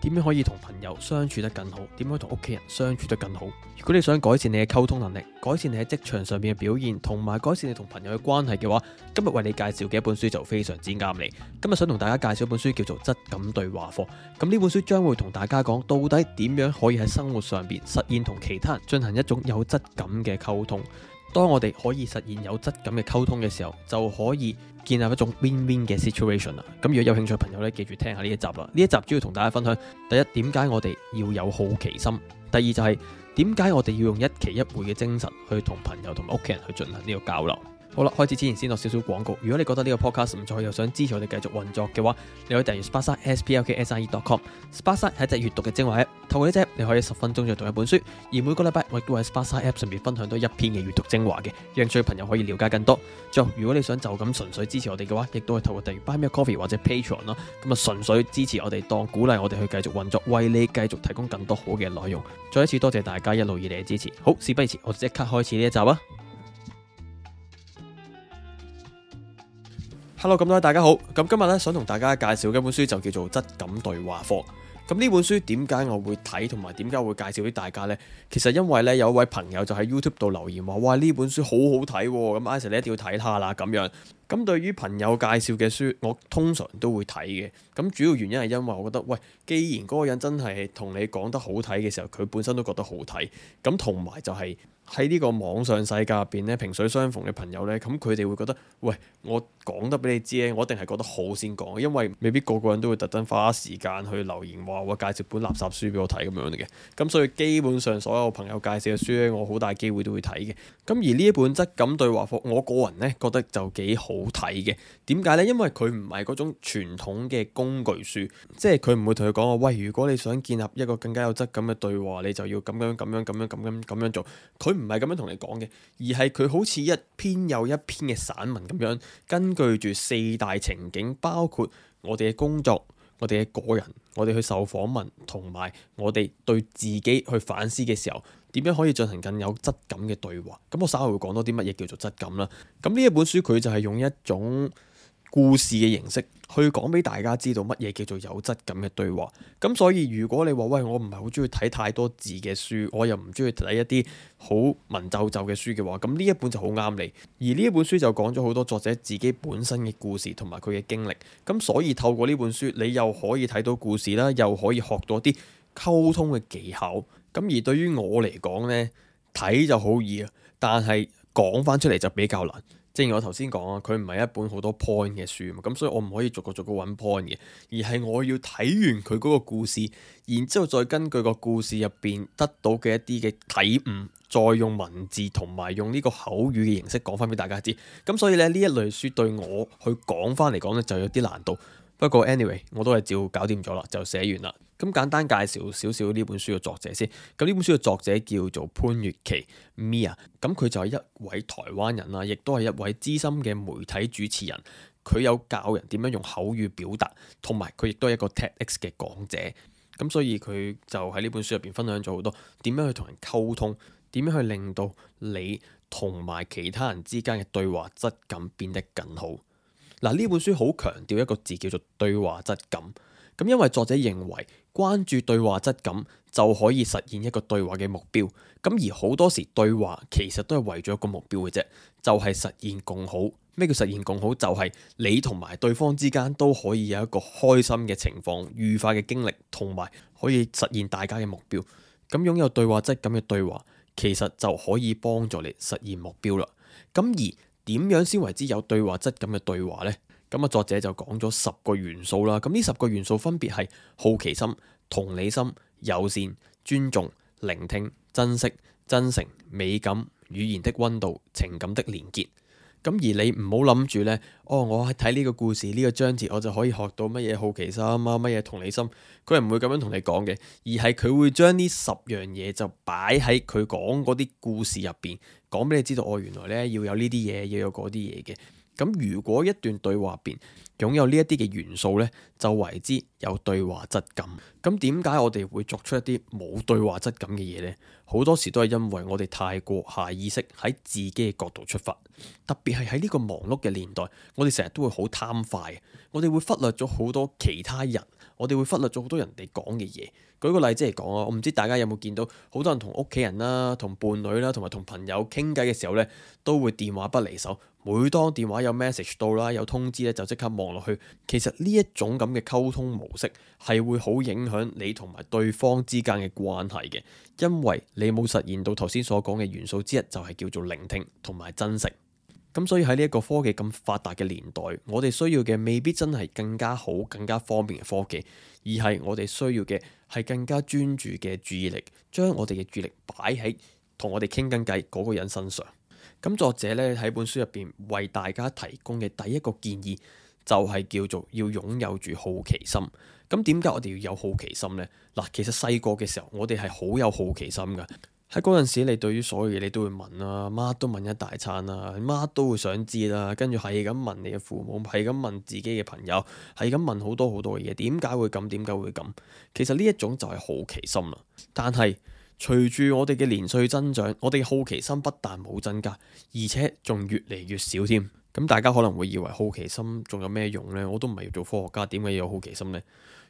點樣可以同朋友相處得更好？點樣同屋企人相處得更好？如果你想改善你嘅溝通能力，改善你喺職場上面嘅表現，同埋改善你同朋友嘅關係嘅話，今日為你介紹嘅一本書就非常之啱你。今日想同大家介紹一本書，叫做《質感對話課》。咁呢本書將會同大家講到底點樣可以喺生活上邊實現同其他人進行一種有質感嘅溝通。當我哋可以實現有質感嘅溝通嘅時候，就可以建立一種 win-win 嘅 situation 啦。咁如果有興趣嘅朋友咧，記住聽下呢一集啦。呢一集主要同大家分享：第一，點解我哋要有好奇心；第二、就是，就係點解我哋要用一期一會嘅精神去同朋友同埋屋企人去進行呢個交流。好啦，開始之前先落少少廣告。如果你覺得呢個 podcast 唔錯，又想支持我哋繼續運作嘅話，你可以訂閱 Spasa S P L K S I E 點 com。Spasa 係一隻閱讀嘅精華 App，透過呢隻 App 你可以十分鐘就讀一本書，而每個禮拜我亦都會喺 Spasa App 上面分享多一篇嘅閱讀精華嘅，讓所有朋友可以了解更多。再如果你想就咁純粹支持我哋嘅話，亦都可以透過訂閱 Buy Me Coffee 或者 Patreon 啦、啊，咁啊純粹支持我哋，當鼓勵我哋去繼續運作，為你繼續提供更多好嘅內容。再一次多謝大家一路以嚟嘅支持。好，事不宜遲，我即刻開始呢一集啊！Hello，咁多位大家好，咁今日咧想同大家介紹一本書就叫做《質感對話課》。咁呢本書點解我會睇同埋點解會介紹俾大家呢？其實因為咧有一位朋友就喺 YouTube 度留言話：哇呢本書好好睇，咁阿 Sir 你一定要睇下啦。咁樣，咁對於朋友介紹嘅書，我通常都會睇嘅。咁主要原因係因為我覺得，喂，既然嗰個人真係同你講得好睇嘅時候，佢本身都覺得好睇，咁同埋就係、是。喺呢個網上世界入邊咧，萍水相逢嘅朋友咧，咁佢哋會覺得，喂，我講得俾你知咧，我一定係覺得好先講，因為未必個個人都會特登花時間去留言話，我介紹本垃圾書俾我睇咁樣嘅。咁所以基本上所有朋友介紹嘅書咧，我好大機會都會睇嘅。咁而呢一本質感對話課，我個人咧覺得就幾好睇嘅。點解咧？因為佢唔係嗰種傳統嘅工具書，即係佢唔會同你講啊，喂，如果你想建立一個更加有質感嘅對話，你就要咁樣咁樣咁樣咁樣咁樣做。佢唔係咁樣同你講嘅，而係佢好似一篇又一篇嘅散文咁樣，根據住四大情景，包括我哋嘅工作、我哋嘅個人、我哋去受訪問，同埋我哋對自己去反思嘅時候，點樣可以進行更有質感嘅對話？咁我稍後會講多啲乜嘢叫做質感啦。咁呢一本書佢就係用一種。故事嘅形式去講俾大家知道乜嘢叫做有質感嘅對話。咁所以如果你話喂，我唔係好中意睇太多字嘅書，我又唔中意睇一啲好文縐縐嘅書嘅話，咁呢一本就好啱你。而呢一本書就講咗好多作者自己本身嘅故事同埋佢嘅經歷。咁所以透過呢本書，你又可以睇到故事啦，又可以學到啲溝通嘅技巧。咁而對於我嚟講咧，睇就好易，但係講翻出嚟就比較難。正如我頭先講啊，佢唔係一本好多 point 嘅書嘛，咁所以我唔可以逐個逐個揾 point 嘅，而係我要睇完佢嗰個故事，然之後再根據個故事入邊得到嘅一啲嘅體悟，再用文字同埋用呢個口語嘅形式講翻俾大家知。咁所以咧，呢一類書對我去講翻嚟講咧，就有啲難度。不過，anyway，我都係照搞掂咗啦，就寫完啦。咁簡單介紹少少呢本書嘅作者先。咁呢本書嘅作者叫做潘月琪 Mia。咁佢就係一位台灣人啦，亦都係一位資深嘅媒體主持人。佢有教人點樣用口語表達，同埋佢亦都係一個 TEDx 嘅講者。咁所以佢就喺呢本書入邊分享咗好多點樣去同人溝通，點樣去令到你同埋其他人之間嘅對話質感變得更好。嗱，呢本書好強調一個字叫做對話質感。咁因為作者認為關注對話質感就可以實現一個對話嘅目標。咁而好多時對話其實都係為咗一個目標嘅啫，就係實現共好。咩叫實現共好？就係你同埋對方之間都可以有一個開心嘅情況、愉快嘅經歷，同埋可以實現大家嘅目標。咁擁有對話質感嘅對話，其實就可以幫助你實現目標啦。咁而點樣先為之有對話質感嘅對話呢？咁啊，作者就講咗十個元素啦。咁呢十個元素分別係好奇心、同理心、友善、尊重、聆聽、珍惜、真誠、美感、語言的温度、情感的連結。咁而你唔好諗住呢，哦，我喺睇呢個故事呢個章節，我就可以學到乜嘢好奇心啊，乜嘢同理心。佢係唔會咁樣同你講嘅，而係佢會將呢十樣嘢就擺喺佢講嗰啲故事入邊，講俾你知道，哦，原來呢要有呢啲嘢，要有嗰啲嘢嘅。咁如果一段對話入面擁有呢一啲嘅元素呢，就為之有對話質感。咁點解我哋會作出一啲冇對話質感嘅嘢呢？好多時都係因為我哋太過下意識喺自己嘅角度出發，特別係喺呢個忙碌嘅年代，我哋成日都會好貪快，我哋會忽略咗好多其他人，我哋會忽略咗好多人哋講嘅嘢。舉個例子嚟講啊，我唔知大家有冇見到，好多人同屋企人啦、同伴侶啦、同埋同朋友傾偈嘅時候呢，都會電話不離手。每當電話有 message 到啦，有通知咧，就即刻望落去。其實呢一種咁嘅溝通模式係會好影響你同埋對方之間嘅關係嘅，因為你冇實現到頭先所講嘅元素之一，就係叫做聆聽同埋真誠。咁所以喺呢一個科技咁發達嘅年代，我哋需要嘅未必真係更加好、更加方便嘅科技，而係我哋需要嘅係更加專注嘅注意力，將我哋嘅注意力擺喺同我哋傾緊偈嗰個人身上。咁作者咧喺本書入邊為大家提供嘅第一個建議就係叫做要擁有住好奇心。咁點解我哋要有好奇心呢？嗱，其實細個嘅時候我哋係好有好奇心噶。喺嗰陣時，你對於所有嘢你都會問啦，乜都問一大餐啦，乜都會想知啦，跟住係咁問你嘅父母，係咁問自己嘅朋友，係咁問好多好多嘢。點解會咁？點解會咁？其實呢一種就係好奇心啦。但係隨住我哋嘅年歲增長，我哋嘅好奇心不但冇增加，而且仲越嚟越少添。咁大家可能會以為好奇心仲有咩用呢？我都唔係要做科學家，點解要有好奇心呢？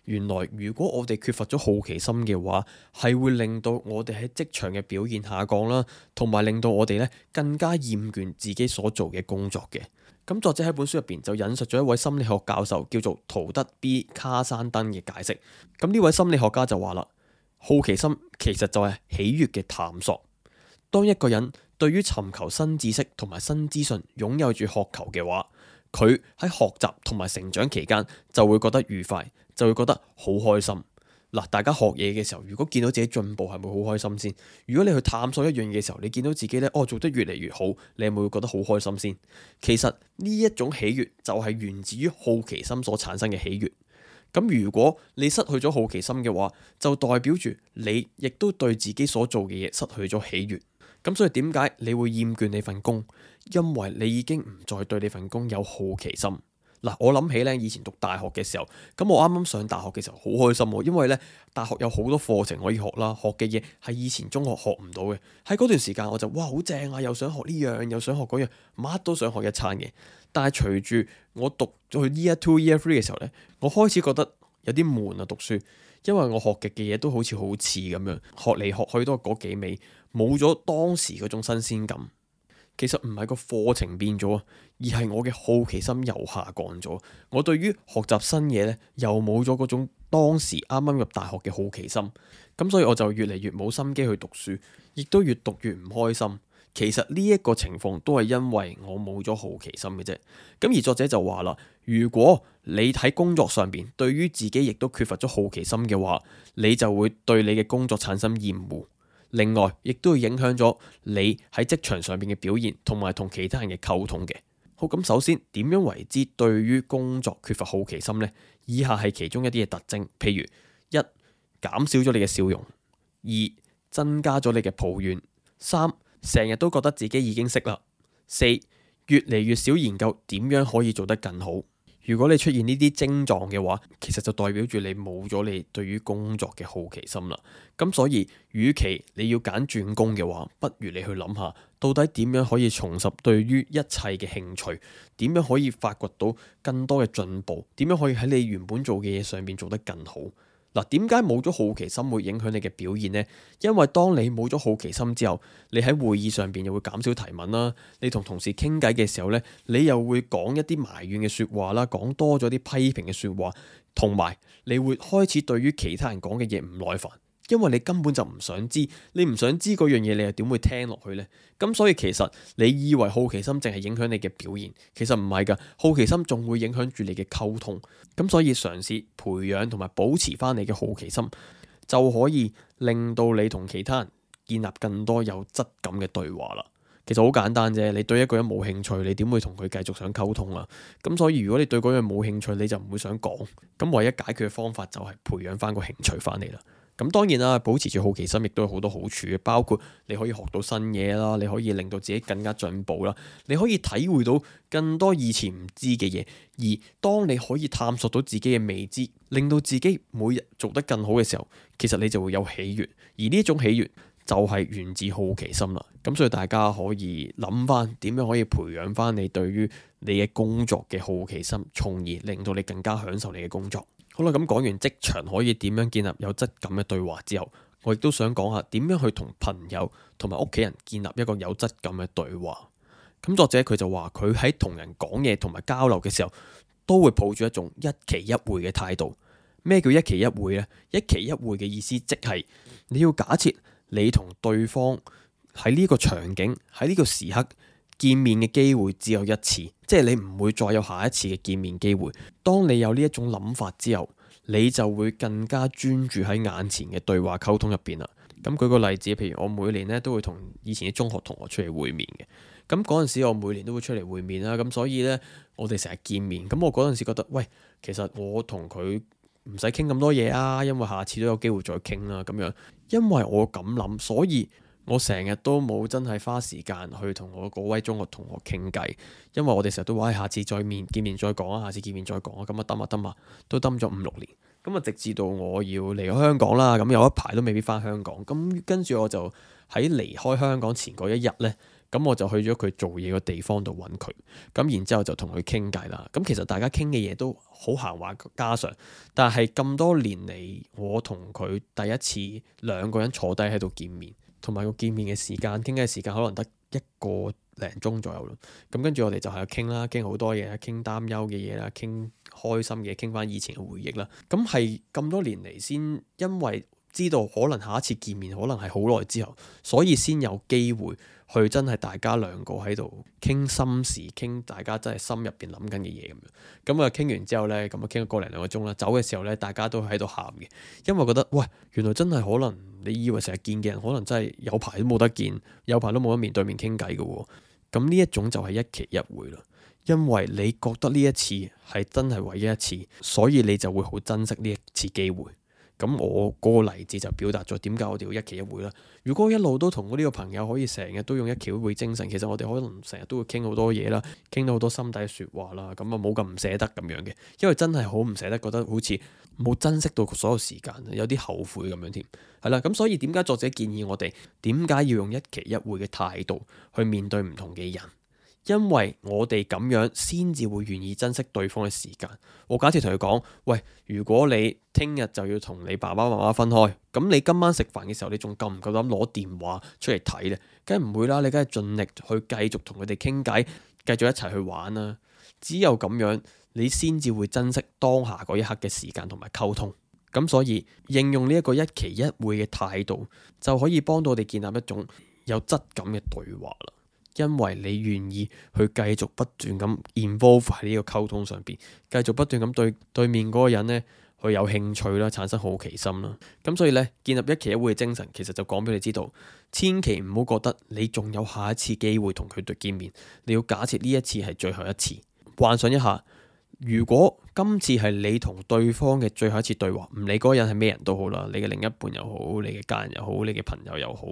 原來如果我哋缺乏咗好奇心嘅話，係會令到我哋喺職場嘅表現下降啦，同埋令到我哋咧更加厭倦自己所做嘅工作嘅。咁作者喺本書入邊就引述咗一位心理學教授叫做陶德 B 卡山登嘅解釋。咁呢位心理學家就話啦。好奇心其實就係喜悦嘅探索。當一個人對於尋求新知識同埋新資訊擁有住渴求嘅話，佢喺學習同埋成長期間就會覺得愉快，就會覺得好開心。嗱，大家學嘢嘅時候，如果見到自己進步，係咪好開心先？如果你去探索一樣嘢嘅時候，你見到自己呢，哦，做得越嚟越好，你係咪會覺得好開心先？其實呢一種喜悦就係源自於好奇心所產生嘅喜悦。咁如果你失去咗好奇心嘅話，就代表住你亦都對自己所做嘅嘢，失去咗喜悦。咁所以點解你會厭倦你份工？因為你已經唔再對你份工有好奇心。嗱，我諗起咧，以前讀大學嘅時候，咁我啱啱上大學嘅時候好開心喎，因為咧大學有好多課程可以學啦，學嘅嘢係以前中學學唔到嘅。喺嗰段時間我就哇，好正啊，又想學呢樣，又想學嗰樣，乜都想學一餐嘅。但係隨住我讀咗去 Year Two Year Three 嘅時候咧，我開始覺得有啲悶啊，讀書，因為我學嘅嘅嘢都好似好似咁樣，學嚟學去都係嗰幾味，冇咗當時嗰種新鮮感。其實唔係個課程變咗，而係我嘅好奇心又下降咗。我對於學習新嘢呢，又冇咗嗰種當時啱啱入大學嘅好奇心。咁所以我就越嚟越冇心機去讀書，亦都越讀越唔開心。其實呢一個情況都係因為我冇咗好奇心嘅啫。咁而作者就話啦：如果你喺工作上邊對於自己亦都缺乏咗好奇心嘅話，你就會對你嘅工作產生厭惡。另外，亦都會影響咗你喺職場上邊嘅表現，同埋同其他人嘅溝通嘅。好咁、嗯，首先點樣為之對於工作缺乏好奇心呢？以下係其中一啲嘅特徵，譬如一減少咗你嘅笑容，二增加咗你嘅抱怨，三成日都覺得自己已經識啦，四越嚟越少研究點樣可以做得更好。如果你出現呢啲症狀嘅話，其實就代表住你冇咗你對於工作嘅好奇心啦。咁所以，與其你要揀轉工嘅話，不如你去諗下，到底點樣可以重拾對於一切嘅興趣？點樣可以發掘到更多嘅進步？點樣可以喺你原本做嘅嘢上邊做得更好？嗱，點解冇咗好奇心會影響你嘅表現呢？因為當你冇咗好奇心之後，你喺會議上邊又會減少提問啦。你同同事傾偈嘅時候呢，你又會講一啲埋怨嘅說話啦，講多咗啲批評嘅說話，同埋你會開始對於其他人講嘅嘢唔耐煩。因為你根本就唔想知，你唔想知嗰樣嘢，你又點會聽落去呢？咁所以其實你以為好奇心淨係影響你嘅表現，其實唔係噶，好奇心仲會影響住你嘅溝通。咁所以嘗試培養同埋保持翻你嘅好奇心，就可以令到你同其他人建立更多有質感嘅對話啦。其實好簡單啫，你對一個人冇興趣，你點會同佢繼續想溝通啊？咁所以如果你對嗰樣冇興趣，你就唔會想講。咁唯一解決嘅方法就係培養翻個興趣翻嚟啦。咁當然啦，保持住好奇心亦都有好多好處，包括你可以學到新嘢啦，你可以令到自己更加進步啦，你可以體會到更多以前唔知嘅嘢，而當你可以探索到自己嘅未知，令到自己每日做得更好嘅時候，其實你就會有喜悅，而呢一種喜悅。就係源自好奇心啦，咁所以大家可以諗翻點樣可以培養翻你對於你嘅工作嘅好奇心，從而令到你更加享受你嘅工作。好啦，咁講完職場可以點樣建立有質感嘅對話之後，我亦都想講下點樣去同朋友同埋屋企人建立一個有質感嘅對話。咁作者佢就話佢喺同人講嘢同埋交流嘅時候，都會抱住一種「一期一會」嘅態度。咩叫「一期一會」呢？「一期一會」嘅意思即係你要假設。你同對方喺呢個場景，喺呢個時刻見面嘅機會只有一次，即係你唔會再有下一次嘅見面機會。當你有呢一種諗法之後，你就會更加專注喺眼前嘅對話溝通入邊啦。咁舉個例子，譬如我每年咧都會同以前嘅中學同學出嚟會面嘅，咁嗰陣時我每年都會出嚟會面啦，咁所以呢，我哋成日見面。咁我嗰陣時覺得，喂，其實我同佢。唔使傾咁多嘢啊，因為下次都有機會再傾啦，啊，咁樣。因為我咁諗，所以我成日都冇真係花時間去同我嗰位中學同學傾偈，因為我哋成日都話，下次再面見面再講啊，下次見面再講啊，咁啊，得嘛得嘛，都等咗五六年，咁啊，直至到我要離開香港啦，咁有一排都未必返香港，咁跟住我就喺離開香港前嗰一日呢。咁我就去咗佢做嘢嘅地方度揾佢，咁然之後就同佢傾偈啦。咁其實大家傾嘅嘢都好閒話家常，但係咁多年嚟，我同佢第一次兩個人坐低喺度見面，同埋個見面嘅時間、傾嘅時間可能得一個零鐘左右咯。咁跟住我哋就係傾啦，傾好多嘢，傾擔憂嘅嘢啦，傾開心嘅，傾翻以前嘅回憶啦。咁係咁多年嚟先，因為知道可能下一次見面可能係好耐之後，所以先有機會。去真係大家兩個喺度傾心事，傾大家真係心入邊諗緊嘅嘢咁樣。咁啊傾完之後呢，咁啊傾咗個零兩個鐘啦。走嘅時候呢，大家都喺度喊嘅，因為覺得喂，原來真係可能你以為成日見嘅人，可能真係有排都冇得見，有排都冇得面對面傾偈嘅喎。咁呢一種就係一期一會啦，因為你覺得呢一次係真係唯一一次，所以你就會好珍惜呢一次機會。咁我個例子就表達咗點解我哋要一期一會啦。如果一路都同我呢個朋友可以成日都用一期一會精神，其實我哋可能成日都會傾好多嘢啦，傾到好多心底説話啦，咁啊冇咁唔捨得咁樣嘅。因為真係好唔捨得，覺得好似冇珍惜到所有時間，有啲後悔咁樣添。係啦，咁所以點解作者建議我哋點解要用一期一會嘅態度去面對唔同嘅人？因為我哋咁樣，先至會願意珍惜對方嘅時間。我假設同佢講：喂，如果你聽日就要同你爸爸媽媽分開，咁你今晚食飯嘅時候，你仲夠唔夠膽攞電話出嚟睇呢？梗係唔會啦，你梗係盡力去繼續同佢哋傾偈，繼續一齊去玩啦。只有咁樣，你先至會珍惜當下嗰一刻嘅時間同埋溝通。咁所以，應用呢一個一期一會嘅態度，就可以幫到我哋建立一種有質感嘅對話啦。因為你願意去繼續不斷咁 involve 喺呢個溝通上邊，繼續不斷咁對對面嗰個人呢，去有興趣啦，產生好奇心啦。咁所以呢，建立一期一會嘅精神，其實就講俾你知道，千祈唔好覺得你仲有下一次機會同佢哋見面，你要假設呢一次係最後一次。幻想一下，如果今次係你同對方嘅最後一次對話，唔理嗰個人係咩人都好啦，你嘅另一半又好，你嘅家人又好，你嘅朋友又好。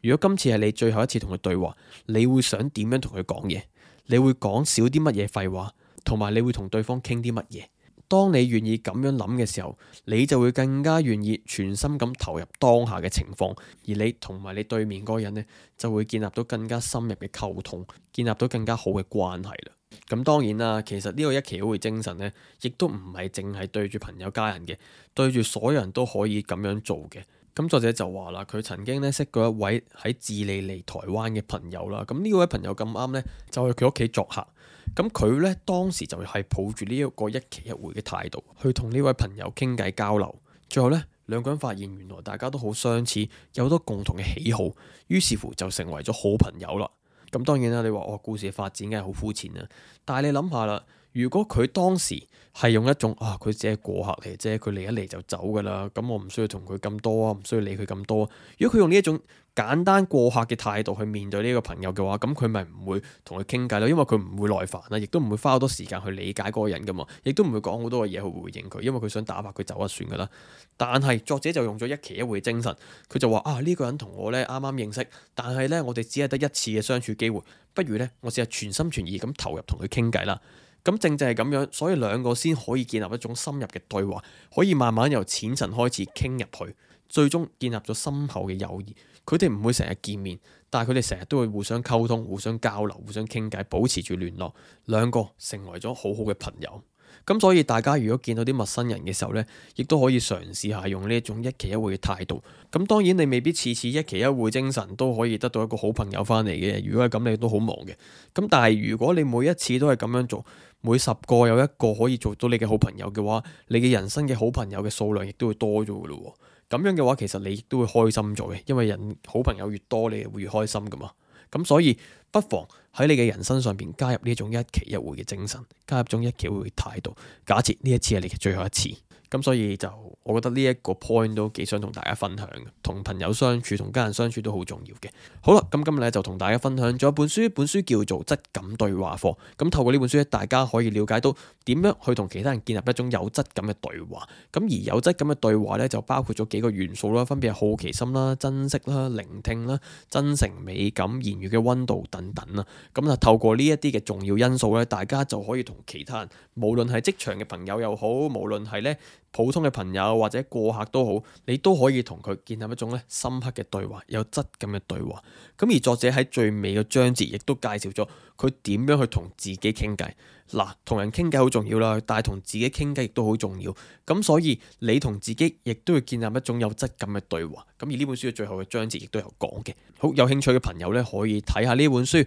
如果今次係你最後一次同佢對話，你會想點樣同佢講嘢？你會講少啲乜嘢廢話？同埋你會同對方傾啲乜嘢？當你願意咁樣諗嘅時候，你就會更加願意全心咁投入當下嘅情況，而你同埋你對面嗰個人呢，就會建立到更加深入嘅溝通，建立到更加好嘅關係啦。咁、嗯、當然啦，其實呢個一期一會精神呢，亦都唔係淨係對住朋友家人嘅，對住所有人都可以咁樣做嘅。咁作者就話啦，佢曾經咧識過一位喺智利嚟台灣嘅朋友啦。咁呢位朋友咁啱咧，就去佢屋企作客。咁佢咧當時就係抱住呢一個一期一會嘅態度，去同呢位朋友傾偈交流。最後咧，兩個人發現原來大家都好相似，有好多共同嘅喜好，於是乎就成為咗好朋友啦。咁當然啦，你話我故事嘅發展梗係好膚淺啦。但係你諗下啦。如果佢當時係用一種啊，佢只係過客嚟啫，佢嚟一嚟就走噶啦，咁我唔需要同佢咁多啊，唔需要理佢咁多。如果佢用呢一種簡單過客嘅態度去面對呢個朋友嘅話，咁佢咪唔會同佢傾偈咯，因為佢唔會耐煩啦，亦都唔會花好多時間去理解嗰個人噶嘛，亦都唔會講好多嘅嘢去回應佢，因為佢想打發佢走就算噶啦。但係作者就用咗一期一會嘅精神，佢就話啊，呢個人同我呢啱啱認識，但係呢，我哋只係得一次嘅相處機會，不如呢，我試下全心全意咁投入同佢傾偈啦。咁正正係咁樣，所以兩個先可以建立一種深入嘅對話，可以慢慢由淺層開始傾入去，最終建立咗深厚嘅友誼。佢哋唔會成日見面，但係佢哋成日都會互相溝通、互相交流、互相傾偈，保持住聯絡，兩個成為咗好好嘅朋友。咁所以大家如果見到啲陌生人嘅時候呢，亦都可以嘗試下用呢一種一期一會嘅態度。咁當然你未必次次一期一會精神都可以得到一個好朋友翻嚟嘅。如果係咁，你都好忙嘅。咁但係如果你每一次都係咁樣做，每十個有一個可以做到你嘅好朋友嘅話，你嘅人生嘅好朋友嘅數量亦都會多咗噶咯。咁樣嘅話，其實你亦都會開心咗嘅，因為人好朋友越多，你就會越開心噶嘛。咁所以不妨喺你嘅人生上邊加入呢種一期一會嘅精神，加入一種一期一會嘅態度。假設呢一次係你嘅最後一次。咁所以就，我覺得呢一個 point 都幾想同大家分享嘅，同朋友相處、同家人相處都好重要嘅。好啦，咁今日咧就同大家分享咗一本書，本書叫做《質感對話課》。咁透過呢本書咧，大家可以了解到點樣去同其他人建立一種有質感嘅對話。咁而有質感嘅對話咧，就包括咗幾個元素啦，分別係好奇心啦、珍惜啦、聆聽啦、真誠、美感、言語嘅溫度等等啦。咁啊，透過呢一啲嘅重要因素咧，大家就可以同其他人，無論係職場嘅朋友又好，無論係咧，普通嘅朋友或者過客都好，你都可以同佢建立一種咧深刻嘅對話，有質感嘅對話。咁而作者喺最尾嘅章節亦都介紹咗佢點樣去同自己傾偈。嗱，同人傾偈好重要啦，但係同自己傾偈亦都好重要。咁所以你同自己亦都要建立一種有質感嘅對話。咁而呢本書嘅最後嘅章節亦都有講嘅。好，有興趣嘅朋友咧，可以睇下呢本書。